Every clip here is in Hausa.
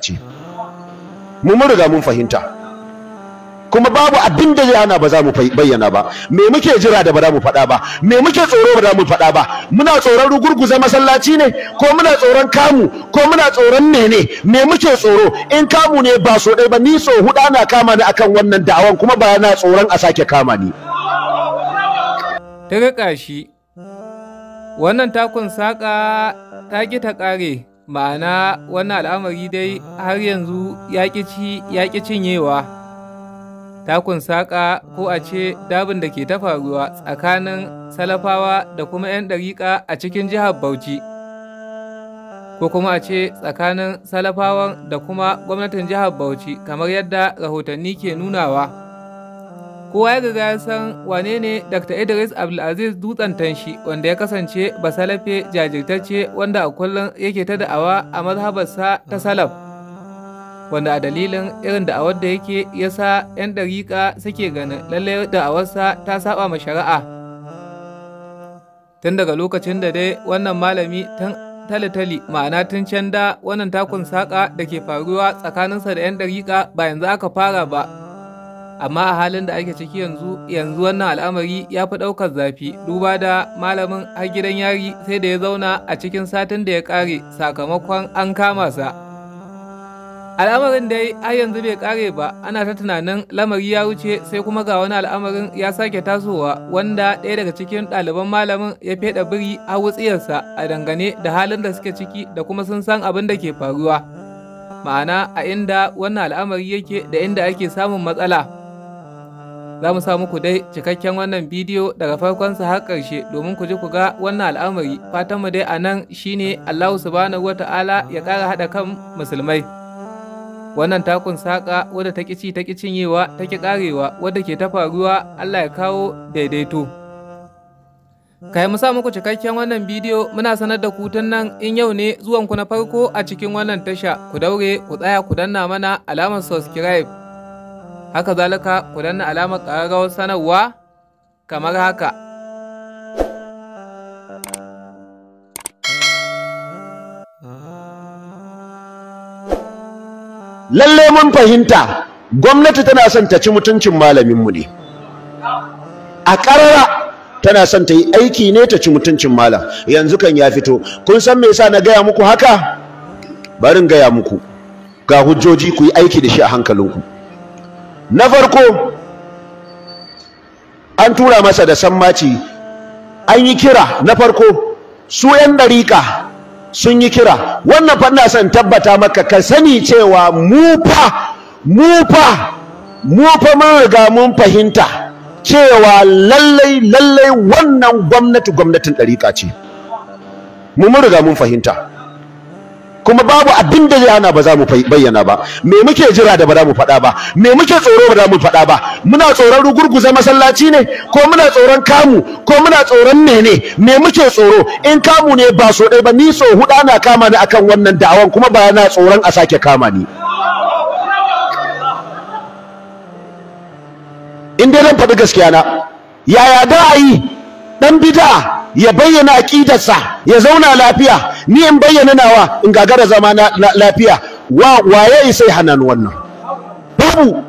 ce mu mun riga mun fahimta kuma babu abin da yana ba za mu bayyana ba me muke jira da ba za mu faɗa ba me muke tsoro ba za mu faɗa ba muna tsoron rugurguza masallaci ne ko muna tsoron kamu ko muna tsoron mene me muke tsoro in kamu ne ba so ɗaya ba ni so huɗa na kama ni akan wannan da'awan kuma ba na tsoron a sake kama ni daga ƙashi wannan takun saƙa ta ƙi ta ƙare ma'ana wannan al'amari dai har yanzu ya ƙi cinyewa takun saƙa ko a ce dabin da ke ta faruwa tsakanin salafawa da kuma 'yan ɗariƙa a cikin jihar bauchi ko kuma a ce tsakanin salafawan da kuma gwamnatin jihar bauchi kamar yadda rahotanni ke nunawa. kowa ya ga ya san wane ne dr idris abdulaziz dutsen tanshi wanda ya kasance basalafe jajirtacce wanda a kullum yake ta da'awa a mazhabarsa ta salaf wanda a dalilin irin da'awar da yake ya sa 'yan dariƙa suke ganin lallai da'awarsa ta saba ma shari'a tun daga lokacin da dai wannan malami tun talitali ma'ana tun can da wannan takun saƙa da ke faruwa tsakaninsa da 'yan dariƙa ba yanzu aka fara ba amma a halin da ake ciki yanzu yanzu wannan al'amari ya fi ɗaukar zafi duba da malamin har gidan yari sai da ya zauna a cikin satin da ya ƙare sakamakon an kama sa al'amarin dai har yanzu bai ƙare ba ana ta tunanin lamari ya wuce sai kuma ga wani al'amarin ya sake tasowa wanda ɗaya daga cikin ɗaliban malamin ya feɗa biri a wutsiyarsa a dangane da halin da suke ciki da kuma sun san abin da ke faruwa ma'ana a inda wannan al'amari yake da inda ake samun matsala za mu sa muku dai cikakken wannan bidiyo daga farkonsa har ƙarshe domin ku ji ku ga wannan al'amari fatan mu dai a nan shine allahu subhanahu Ta'ala ya ƙara haɗa kan musulmai wannan takun saƙa wadda ta ƙici ta cinyewa ta ƙi ƙarewa wadda ke ta faruwa allah ya kawo daidaito Kai mu sa muku cikakken wannan bidiyo muna sanar da ku tun nan in yau ne zuwanku na farko a cikin wannan tasha ku daure ku tsaya ku danna mana alamar subscribe haka zalika ku danna alamar ƙararrawar sanarwa kamar haka. Lalle mun fahimta gwamnati tana son ta ci mutuncin malaminmu ne. A ƙarara tana son ta yi aiki ne ta ci mutuncin malam yanzu kan ya fito. Kun san me yasa na gaya muku haka? Barin gaya muku. Ga hujjoji ku yi aiki da shi a hankalinku. na farko an tura masa da sammaci an yi kira na farko su 'yan dariƙa sun yi kira wannan fanna san son tabbata maka ka sani cewa mu fa mu mun riga mun fahimta cewa lallai lallai wannan gwamnati gwamnatin dariƙa ce mu mun riga mun fahimta kuma babu abin da yana ba za mu bayyana ba me muke jira da ba za mu faɗa ba me muke tsoro ba za mu faɗa ba muna tsoron rugurguza masallaci ne ko muna tsoron kamu ko muna tsoron mene me muke tsoro in kamu ne ba so ɗaya ba ni so huɗa na kama ni akan wannan da'awan kuma ba na tsoron a sake kama ni in dai zan faɗi gaskiya na yaya da a Dan ɗan bida ya bayyana sa ya zauna lafiya ni in bayyana nawa in gagara zama lafiya wa waye sai hanan wannan babu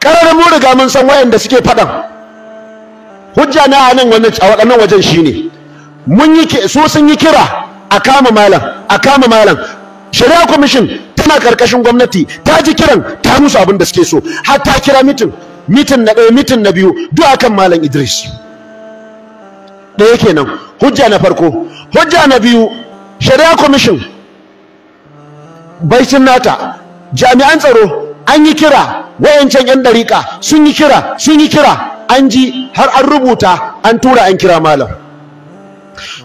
karar mu riga mun san wayanda suke fadan hujja na anan wannan a wadannan wajen shine mun yi so sun yi kira a kama malam a kama malam shari'a commission tana karkashin gwamnati ta ji kiran ta musu abin da suke so har ta kira mitin mitin na ɗaya eh, mitin na biyu duk akan malam Idris yake nan hujja na farko hujja na biyu shari'a commission baitin nata jami'an tsaro an yi kira wayancan yan dariƙa sun yi kira sun yi kira an ji har an rubuta an tura an kira malam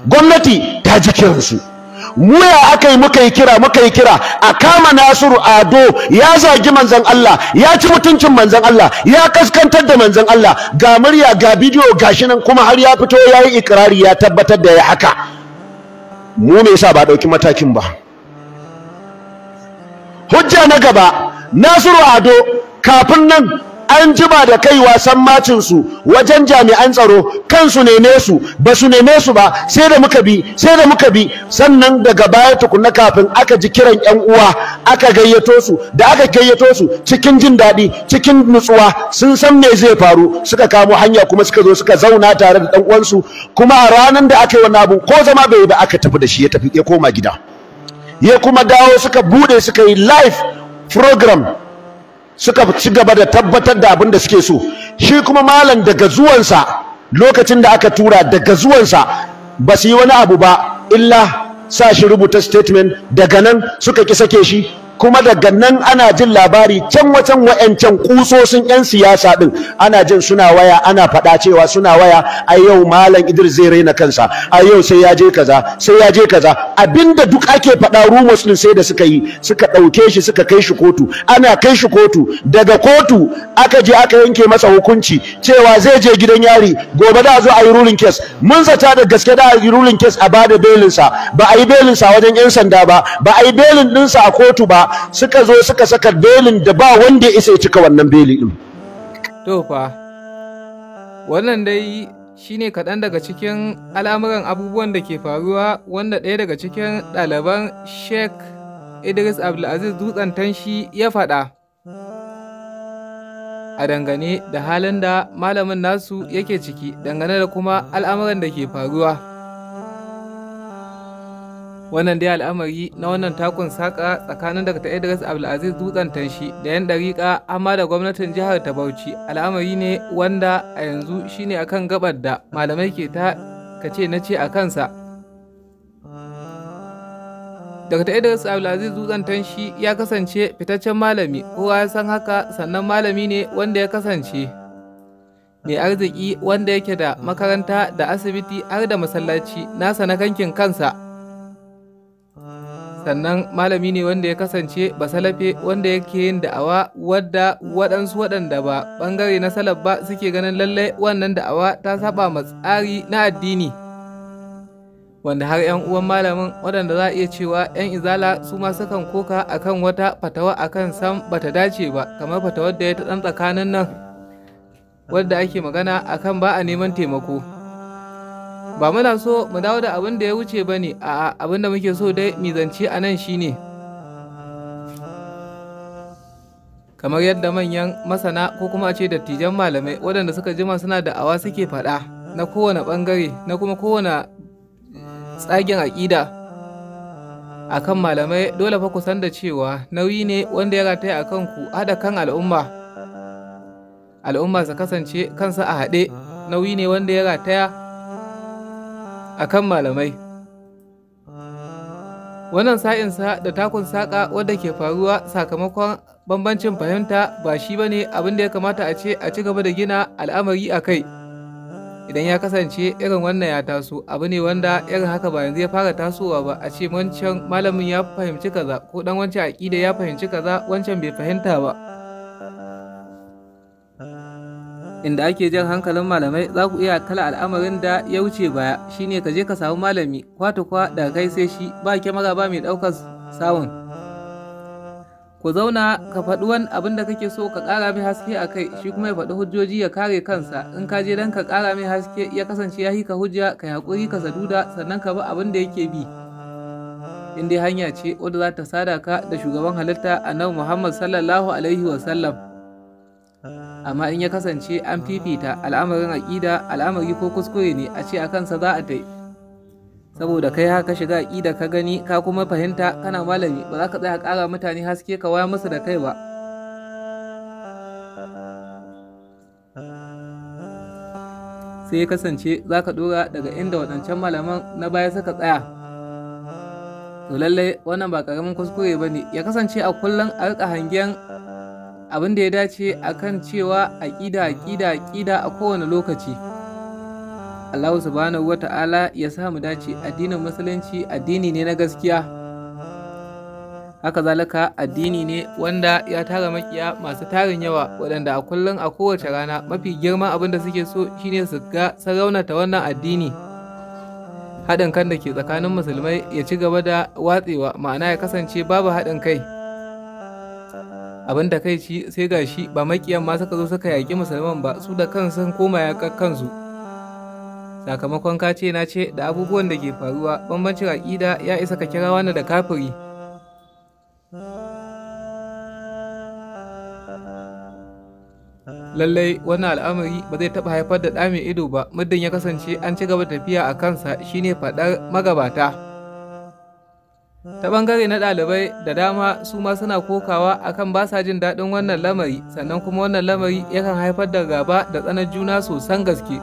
gwamnati ta ji kiransu Muya aka yi muka yi kira muka yi kira a kama nasiru ado ya zagi manzon Allah ya ci mutuncin manzon Allah ya kaskantar da manzon Allah ga murya ga bidiyo gashi nan kuma har ya fito ya yi ikirari ya tabbatar da ya haka mu me yasa ba ɗauki matakin ba hujja na gaba nasiru ado kafin nan an jima da kai wasan macin su wajen jami'an tsaro kansu neme su ba su neme su ba sai da muka bi sai da muka bi sannan daga baya tukunna kafin aka ji kiran yan uwa aka gayyato su da aka gayyato su cikin jin daɗi cikin nutsuwa sun san me zai faru suka kamo hanya kuma suka zo suka zauna tare da dan uwansu kuma a ranar da aka yi wannan abun ko zama bai yi ba aka tafi da shi ya tafi ya koma gida ya kuma dawo suka bude suka yi live program suka ci gaba da tabbatar da abin da suke so shi kuma malam daga zuwansa lokacin da aka tura daga zuwansa ba su yi wani abu ba illa sa shi rubuta statement daga nan suka ki sake shi kuma daga nan ana jin labari can wacan wa'ancan kusoshin 'yan siyasa din ana jin suna waya ana faɗa cewa suna waya a yau malam idris zai raina kansa a yau sai ya je kaza sai ya je kaza abinda duk ake faɗa rumors din sai da suka yi suka ɗauke shi suka kai shi kotu ana kai shi kotu daga kotu aka je aka yanke masa hukunci cewa zai je gidan yari gobe da zo a yi ruling case mun zata da gaske da a yi ruling case a bada belinsa ba a yi belinsa wajen 'yan sanda ba ba a yi belin ɗinsa a kotu ba suka zo suka saka belin da ba wanda ya isa ya cika wannan beli din to fa wannan dai shine kaɗan daga cikin al'amuran abubuwan da ke faruwa wanda ɗaya daga cikin ɗaliban sheikh idris abdulaziz dutsen tanshi ya faɗa a dangane da halin da malamin nasu yake ciki dangane da kuma al'amuran da ke faruwa. wannan dai al'amari na wannan takun saka tsakanin daga idris abdulaziz dutsen tanshi da yan dariƙa amma da gwamnatin jihar ta bauchi al'amari ne wanda a yanzu shine akan gabar da malamai ke ta kace na ce a kansa Dr. Idris Abdulaziz Dutsen Tanshi ya kasance fitaccen malami, kowa ya san haka sannan malami ne wanda ya kasance mai arziki wanda yake da makaranta da asibiti har da masallaci nasa na kankin kansa sannan malami ne wanda ya kasance basalafe wanda yake yin da'awa wadda waɗansu waɗanda ba ɓangare na salaf ba suke ganin lallai wannan da'awa ta saba ma tsari na addini wanda har 'yan uwan malamin waɗanda za a iya cewa 'yan izala su ma sukan koka akan wata fatawa akan sam bata dace ba kamar fatawar da ya ta ɗan tsakanin nan wadda ake magana akan ba a neman taimako ba muna so mu dawo da abin da ya wuce ba ne a abin da muke so dai mizanci a nan shine kamar yadda manyan masana ko kuma a ce dattijan malamai waɗanda suka jima suna da awa suke faɗa na kowane ɓangare na kuma kowane tsagen aƙida a kan malamai dole fa ku san da cewa nauyi ne wanda ya rataya a kanku haɗa kan al'umma al'umma su kasance kansa a haɗe nauyi ne wanda ya rataya Akan malamai wannan sa'insa da takun saƙa wadda ke faruwa sakamakon bambancin fahimta ba shi ba ne abin da ya kamata a ce a ci gaba da gina al'amari a kai idan ya kasance irin wannan ya taso abu ne wanda irin haka ba yanzu ya fara tasowa ba a ce wancan malamin ya fahimci kaza ko dan wancan aƙida ya fahimci kaza wancan bai fahimta ba inda ake jan hankalin malamai za ku iya kala al'amarin da ya wuce baya shine ka je ka samu malami kwata kwa da kai sai shi ba kyamara ba mai ɗaukar sawun ku zauna ka faɗi wani abin da kake so ka ƙara mai haske a kai shi kuma ya faɗi hujjoji ya kare kansa in ka je don ka ƙara mai haske ya kasance ya ka hujja ka haƙuri ka saduda sannan ka bi abin da yake bi in dai hanya ce wadda za ta sada da shugaban halitta annabi muhammad sallallahu alaihi wasallam amma in ya kasance an fifita al'amarin aƙida al'amari ko kuskure ne a ce a kansa za a tai saboda kai haka shiga aƙida ka gani ka kuma fahimta kana malami ba za ka tsaya ƙara mutane haske ka waya musu da kai ba sai ya kasance za ka dora daga inda waɗancan malaman na baya suka tsaya to lallai wannan ba ƙaramin kuskure ba ne ya kasance a kullum a rika hangen abin da ya dace a kan cewa aƙida ƙida ƙida a kowane lokaci Allah subhanahu wa ta'ala ya mu dace addinin musulunci addini ne na gaskiya haka zalika addini ne wanda ya tara makiya masu tarin yawa waɗanda a kullum a kowace rana mafi girma abin da suke so shine su ga saraunata wannan addini haɗin kan da ke tsakanin musulmai ya ci gaba da watsewa ma'ana ya kasance babu haɗin kai abin da kai ci sai ga shi ba makiyan ma suka zo suka yaƙi musulman ba su da kansu sun koma yaƙar kansu sakamakon ka ce na ce da abubuwan da ke faruwa bambancin aƙida ya isa ka kira wani da kafiri lallai wannan al'amari ba zai taɓa haifar da ɗa mai ido ba muddin ya kasance an ci gaba tafiya a kansa shine faɗar magabata ta bangare na ɗalibai da dama su ma suna kokawa akan ba sa jin daɗin wannan lamari sannan kuma wannan lamari yakan haifar da gaba da tsanar juna sosan gaske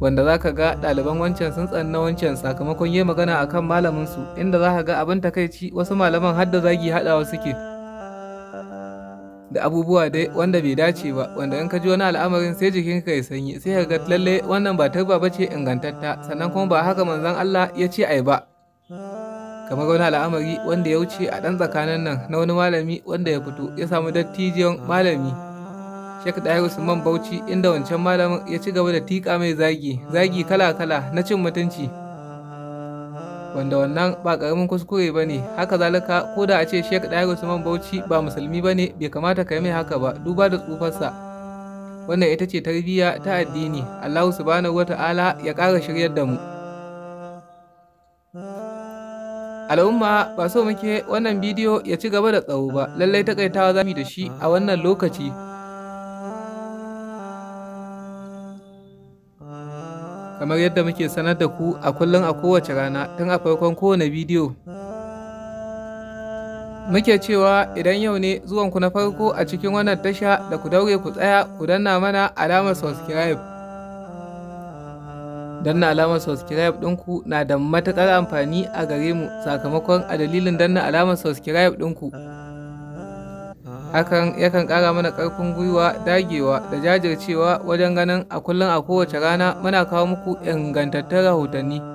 wanda za ka ga ɗaliban wancan sun tsanna wancan sakamakon yi magana akan malaminsu inda za ka ga abin takaici wasu malaman har da zagi haɗawa suke da abubuwa dai wanda bai dace ba wanda in ka ji wani al'amarin sai jikinka ya sanyi sai ka ga lalle wannan ba tarba ba ce ingantatta sannan kuma ba haka manzon Allah ya ce ai ba kamar wani al'amari wanda ya wuce a ɗan tsakanin nan na wani malami wanda ya fito ya samu dattijiyar malami da Dairu Usman Bauchi inda wancan malamin ya ci gaba da tika mai zagi zagi kala-kala na cin mutunci wanda wannan ba ƙaramin kuskure ba ne haka zalika ko da a ce shek Dairu Usman Bauchi ba musulmi ba ne bai kamata ka yi mai haka ba duba da tsufarsa wannan ita ce tarbiyya ta addini Allah subhanahu wata'ala ya ƙara shiryar da mu Al'umma ba so muke wannan bidiyo ya ci gaba da tsawo ba, lallai takaitawa za mu da shi a wannan lokaci. Kamar yadda muke sanar da ku a kullum a kowace rana tun a farkon kowane bidiyo. Muke cewa idan yau ne zuwanku na farko a cikin wannan tasha da ku daure ku tsaya ku danna mana alamar subscribe. danna alamar subscribe ɗinku na da matuƙar amfani a gare mu sakamakon a dalilin danna alamar subscribe ɗinku hakan yakan ƙara mana ƙarfin gwiwa dagewa da jajircewa wajen ganin a kullum a kowace rana muna kawo muku ingantattun rahotanni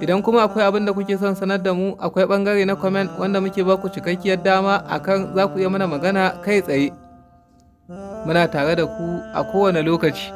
Idan kuma akwai abin da kuke son sanar da mu akwai ɓangare na comment wanda muke baku cikakkiyar dama akan za ku iya mana magana kai tsaye. Muna tare da ku a kowane lokaci.